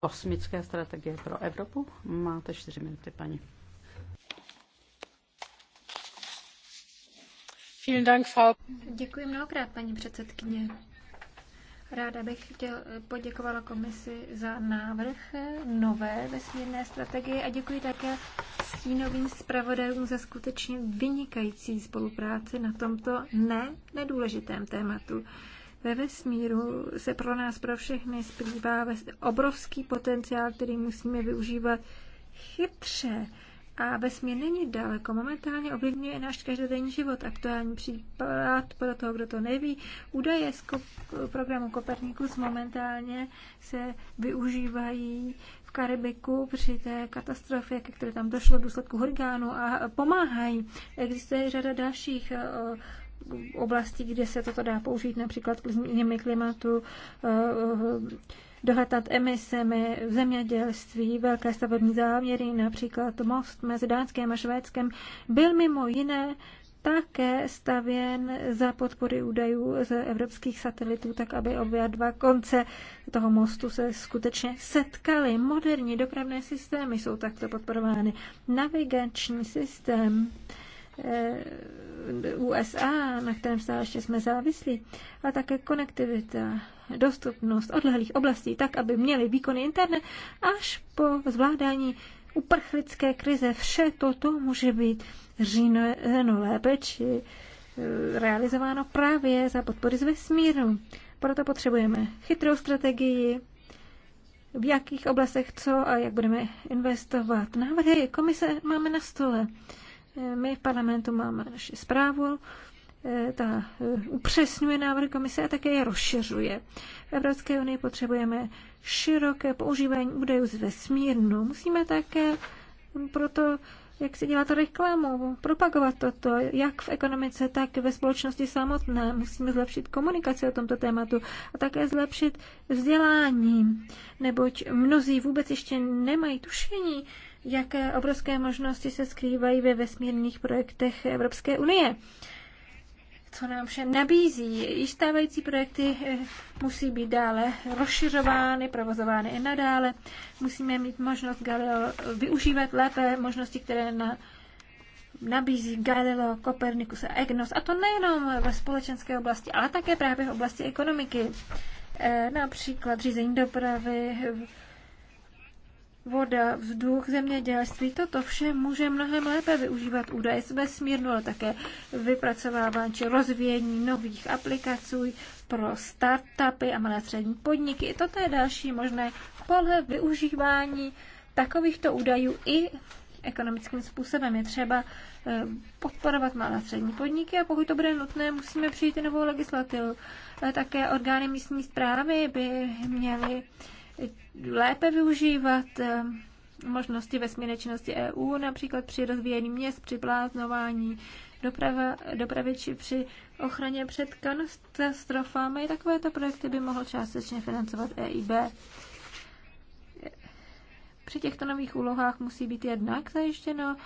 kosmické strategie pro Evropu. Máte čtyři minuty, paní. Děkuji mnohokrát, paní předsedkyně. Ráda bych chtěl, poděkovala komisi za návrh nové vesmírné strategie a děkuji také stínovým zpravodajům za skutečně vynikající spolupráci na tomto ne nedůležitém tématu. Ve vesmíru se pro nás, pro všechny, splývá obrovský potenciál, který musíme využívat chytře. A vesmír není daleko. Momentálně ovlivňuje náš každodenní život. Aktuální případ pro toho, kdo to neví. Údaje z programu Kopernikus momentálně se využívají v Karibiku při té katastrofě, které tam došlo v důsledku hurikánu a pomáhají. Existuje řada dalších eh, oblasti, kde se toto dá použít, například k změně klimatu, eh, dohatat emisemi v zemědělství, velké stavební záměry, například most mezi Dánskem a Švédskem, byl mimo jiné také stavěn za podpory údajů z evropských satelitů, tak aby obě dva konce toho mostu se skutečně setkaly. Moderní dopravné systémy jsou takto podporovány. Navigační systém Eh, USA, na kterém stále ještě jsme závislí, ale také konektivita, dostupnost odlehlých oblastí, tak, aby měli výkony internet, až po zvládání uprchlické krize. Vše toto může být řízeno no, lépe či eh, realizováno právě za podpory z vesmíru. Proto potřebujeme chytrou strategii, v jakých oblastech co a jak budeme investovat. Návrhy komise máme na stole. My v parlamentu máme naši zprávu, eh, ta eh, upřesňuje návrh komise a také je rozšiřuje. V Evropské unii potřebujeme široké používání údajů z vesmírnu. Musíme také proto jak si dělat reklamu, propagovat toto, jak v ekonomice, tak ve společnosti samotné. Musíme zlepšit komunikaci o tomto tématu a také zlepšit vzdělání, neboť mnozí vůbec ještě nemají tušení jaké obrovské možnosti se skrývají ve vesmírných projektech Evropské unie. Co nám vše nabízí. Již stávající projekty eh, musí být dále rozšiřovány, provozovány i nadále. Musíme mít možnost Galileo využívat lépe možnosti, které na nabízí Galileo, Kopernikus a Egnos. A to nejenom ve společenské oblasti, ale také právě v oblasti ekonomiky. Eh, například řízení dopravy, voda, vzduch, zemědělství, toto vše může mnohem lépe využívat údaje z vesmírnu, ale také vypracovávání či rozvíjení nových aplikací pro startupy a malé střední podniky. I toto je další možné pole využívání takovýchto údajů i ekonomickým způsobem. Je třeba eh, podporovat malé střední podniky a pokud to bude nutné, musíme přijít i novou legislativu. Také orgány místní zprávy by měly lépe využívat eh, možnosti vesmírné činnosti EU, například při rozvíjení měst, při plánování doprava, dopravy či při ochraně před katastrofami. Takovéto projekty by mohl částečně financovat EIB. Při těchto nových úlohách musí být jednak zajištěno,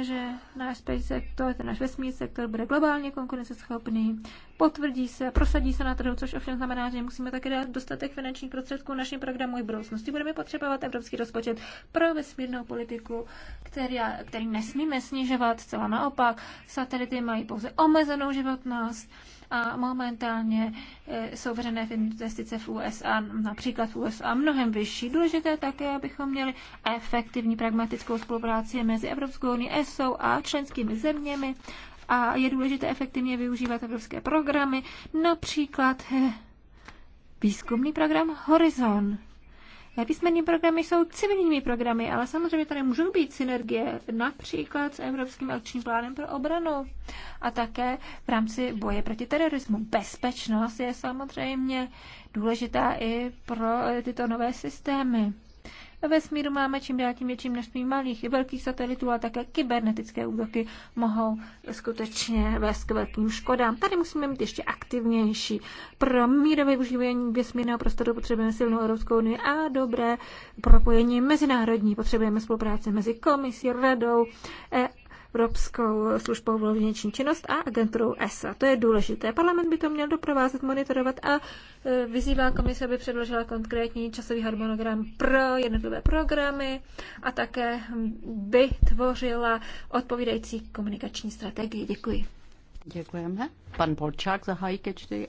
že náš space sektor, ten náš vesmírný sektor bude globálně konkurenceschopný, potvrdí se, prosadí se na trhu, což ovšem znamená, že musíme také dát dostatek finančních prostředků našim programu i budoucnosti. Budeme potřebovat evropský rozpočet pro vesmírnou politiku, který, který nesmíme snižovat, zcela naopak. Satelity mají pouze omezenou životnost a momentálně jsou eh, veřejné investice v USA, například v USA, mnohem vyšší. Důležité také, abychom měli efektivní pragmatickou spolupráci mezi Evropskou unii, ESO a členskými zeměmi a je důležité efektivně využívat evropské programy, například eh, výzkumný program Horizon. Výzkumné programy jsou civilními programy, ale samozřejmě tady můžou být synergie, například s Evropským akčním plánem pro obranu a také v rámci boje proti terorismu. Bezpečnost je samozřejmě důležitá i pro tyto nové systémy. Ve smíru máme čím dál tím větší množství malých i velkých satelitů, a také kybernetické útoky mohou skutečně vést k velkým škodám. Tady musíme být ještě aktivnější. Pro mírové využívání vesmírného prostoru potřebujeme silnou Evropskou unii a dobré propojení mezinárodní. Potřebujeme spolupráci mezi komisí, radou, Evropskou službou pro vnitřní činnost a agenturou ESA. To je důležité. Parlament by to měl doprovázet, monitorovat a e, vyzývá komise, aby předložila konkrétní časový harmonogram pro jednotlivé programy a také by tvořila odpovídající komunikační strategii. Děkuji. Děkujeme. Pan Polčák za ke 4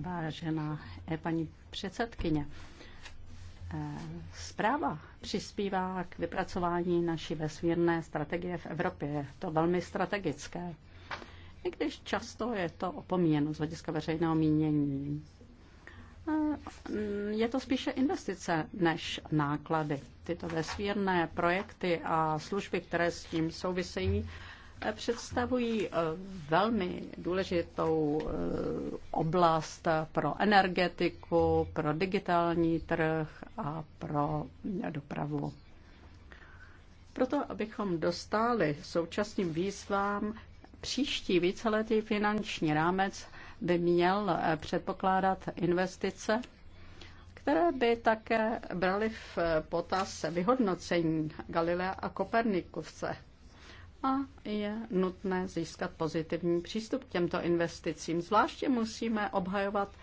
Vážená eh, paní předsedkyně, eh, Zpráva přispívá k vypracování naší vesmírné strategie v Evropě. Je to velmi strategické. I když často je to opomíjeno z hlediska veřejného mínění. Eh, je to spíše investice než náklady. Tyto vesmírné projekty a služby, které s tím souvisejí, představují eh, velmi důležitou eh, oblast pro energetiku, pro digitální trh a pro dopravu. Proto, abychom dostali současným výzvám, příští víceletý finanční rámec by měl eh, předpokládat investice, které by také braly v potaz vyhodnocení Galilea a Kopernikuse, a je nutné získat pozitivní přístup k těmto investicím. Zvláště musíme obhajovat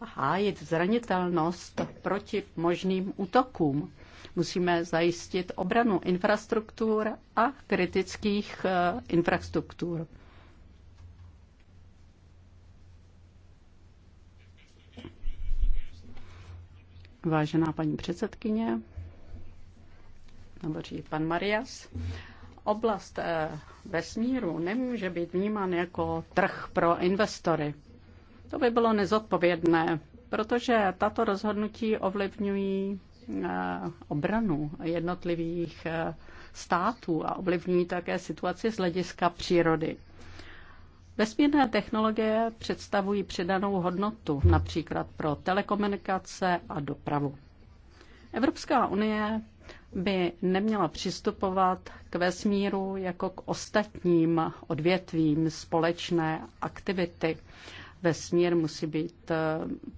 a hájit zranitelnost proti možným útokům. Musíme zajistit obranu infrastruktur a kritických eh, infrastruktur. Vážená paní předsedkyně, nebo pan Marias, oblast eh, vesmíru nemůže být vnímán jako trh pro investory. To by bylo nezodpovědné, protože tato rozhodnutí ovlivňují eh, obranu jednotlivých eh, států a ovlivňují také situaci z hlediska přírody. Vesmírné technologie představují přidanou hodnotu například pro telekomunikace a dopravu. Evropská unie by neměla přistupovat k vesmíru jako k ostatním odvětvím společné aktivity. Vesmír musí být eh,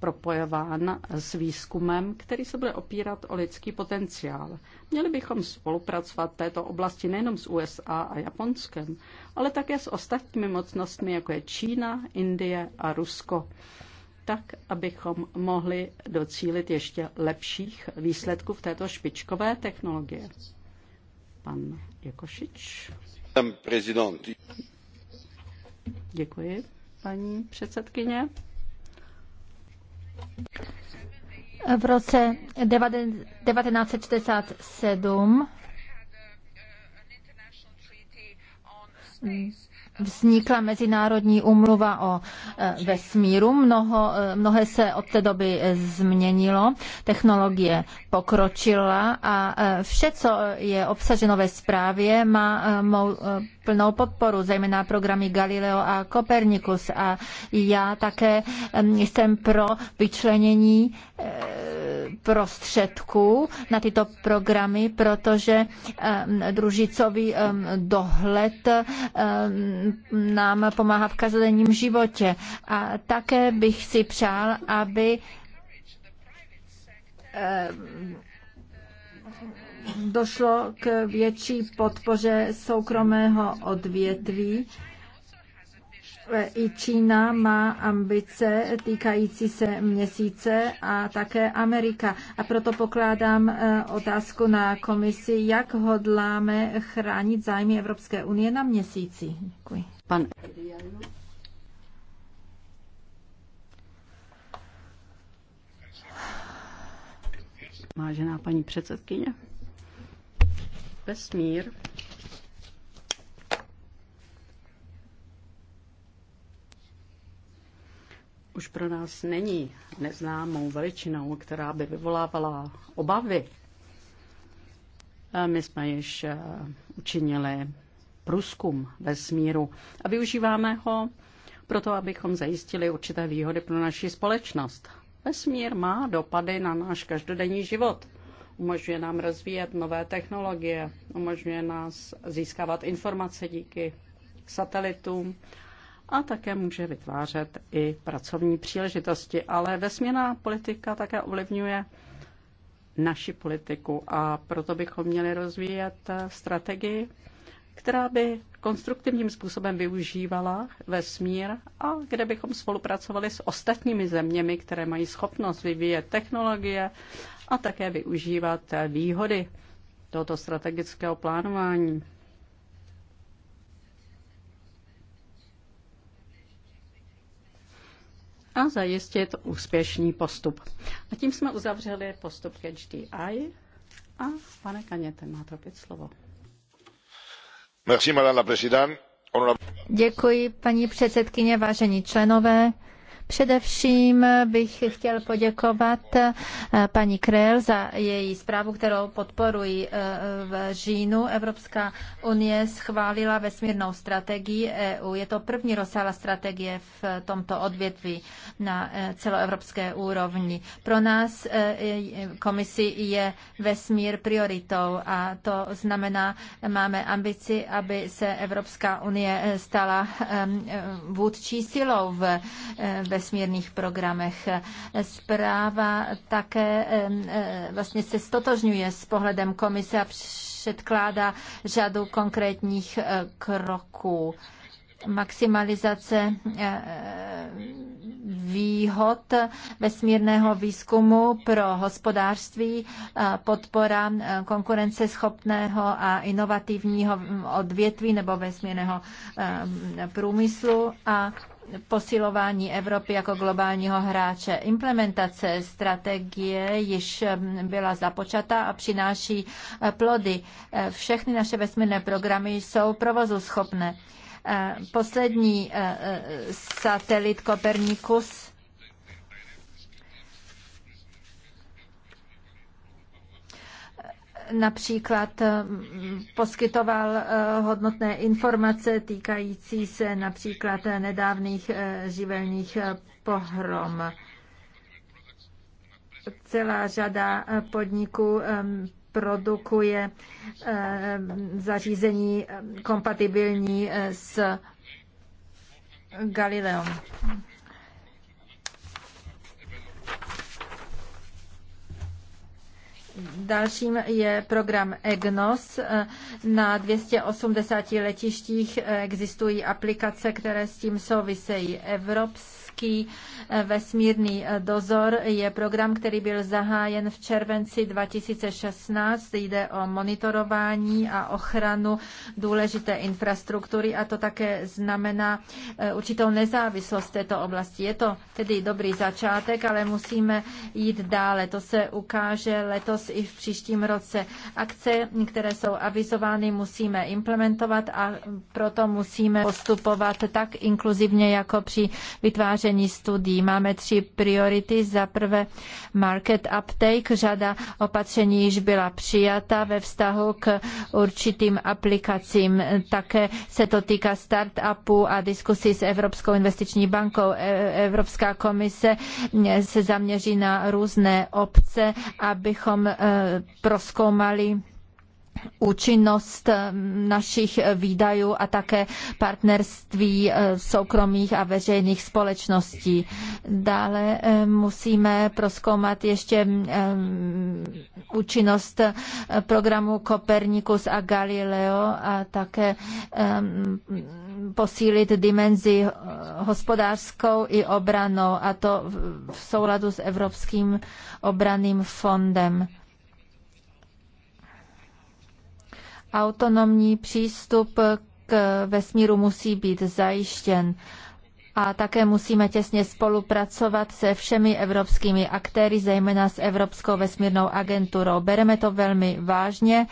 propojován s výzkumem, který se bude opírat o lidský potenciál. Měli bychom spolupracovat v této oblasti nejenom s USA a Japonskem, ale také s ostatními mocnostmi, jako je Čína, Indie a Rusko tak abychom mohli docílit ještě lepších výsledků v této špičkové technologie. Pan Jakošič. Děkuji, paní předsedkyně. V roce 1967 vznikla Mezinárodní umluva o e, vesmíru. Mnoho, e, mnohé se od té doby e, změnilo, technologie pokročila a vše, co je obsaženo ve zprávě, má mou plnou podporu, zejména programy Galileo a Copernicus. A já také jsem pro vyčlenění eh, prostředků na tyto programy, protože družicový dohled nám pomáhá v každodenním životě. A také bych si přál, aby došlo k větší podpoře soukromého odvětví. I Čína má ambice týkající se měsíce a také Amerika. A proto pokládám eh, otázku na komisi, jak hodláme chránit zájmy Evropské unie na měsíci. Děkuji. Pan. Vážená paní předsedkyně, vesmír už pro nás není neznámou veličinou, která by vyvolávala obavy. Eh, my jsme již eh, učinili průzkum vesmíru a využíváme ho proto, abychom zajistili určité výhody pro naši společnost. Vesmír má dopady na náš každodenní život – umožňuje nám rozvíjet nové technologie, umožňuje nás získávat informace díky satelitům a také může vytvářet i pracovní příležitosti. Ale vesměná politika také ovlivňuje naši politiku a proto bychom měli rozvíjet strategii, která by konstruktivním způsobem využívala vesmír a kde bychom spolupracovali s ostatními zeměmi, které mají schopnost vyvíjet technologie a také využívat výhody tohoto strategického plánování. a zajistit úspěšný postup. A tím jsme uzavřeli postup HDI a pane Kaněte, máte opět slovo. Děkuji, paní předsedkyně, vážení členové. Především bych chtěl poděkovat eh, paní Krell za její zprávu, kterou podporuji eh, v říjnu. Evropská unie schválila vesmírnou strategii EU. Je to první rozsáhlá strategie v tomto odvětví na eh, celoevropské úrovni. Pro nás komisi je vesmír prioritou a to znamená, máme ambici, aby se Evropská unie stala vůdčí silou v vesmíru vesmírných programech. Zpráva také e, vlastně se stotožňuje s pohledem komise a předkládá řadu konkrétních e, kroků maximalizace e, výhod vesmírného výzkumu pro hospodářství, podpora konkurenceschopného a inovativního odvětví nebo vesmírného průmyslu a posilování Evropy jako globálního hráče. Implementace strategie již byla započata a přináší eh, plody. Eh, všechny naše vesmírné programy jsou provozu schopné. Eh, poslední satelit Kopernikus například eh, poskytoval eh, hodnotné informace týkající se například nedávných eh, živelních pohrom. Celá řada podniků produkuje zařízení kompatibilní s Galileom. Dalším je program EGNOS. Na 280 letištích existují aplikace, které s tím souvisejí. Evropské Evropský eh, vesmírný eh, dozor je program, který byl zahájen v červenci 2016. Jde o monitorování a ochranu důležité infrastruktury a to také znamená eh, určitou nezávislost této oblasti. Je to tedy dobrý začátek, ale musíme jít dále. To se ukáže letos i v příštím roce. Akce, které jsou avizovány, musíme implementovat a proto musíme postupovat tak inkluzivně jako při vytváření hodnocení studií. Máme tři priority. Za prvé market uptake. Řada opatření již byla přijata ve vztahu k určitým aplikacím. Také se to týká startupů a diskusí s Evropskou investiční bankou. E, Evropská komise se zaměří na různé obce, abychom e, proskoumali účinnost eh, našich eh, výdajů a také partnerství eh, soukromých a veřejných společností. Dále musíme proskoumat ještě mm, účinnost programu Copernicus a Galileo a také posílit dimenzi hospodářskou i obranou a to v souladu s Evropským obraným fondem. autonomní přístup k vesmíru musí být zajištěn a také musíme těsně spolupracovat se všemi evropskými aktéry, zejména s Evropskou vesmírnou agenturou. Bereme to velmi vážně.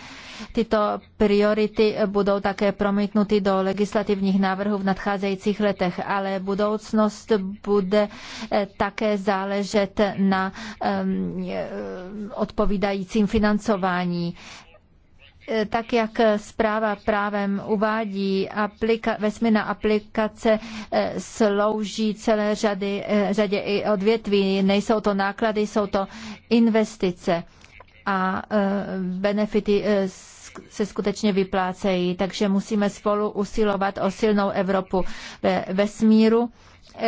Tyto priority budou také promítnuty do legislativních návrhů v nadcházejících letech, ale budoucnost bude eh, také záležet na ehm, eh, odpovídajícím financování tak jak zpráva právem uvádí, aplika, vesmina aplikace eh, slouží celé řady, eh, řadě i odvětví. Nejsou to náklady, jsou to investice a eh, benefity se skutečně vyplácejí. Takže musíme spolu usilovat o silnou Evropu ve vesmíru,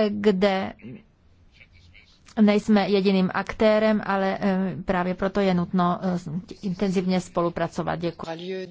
kde nejsme jediným aktérem, ale eh, právě proto je nutno eh, intenzivně spolupracovat. Děkuji.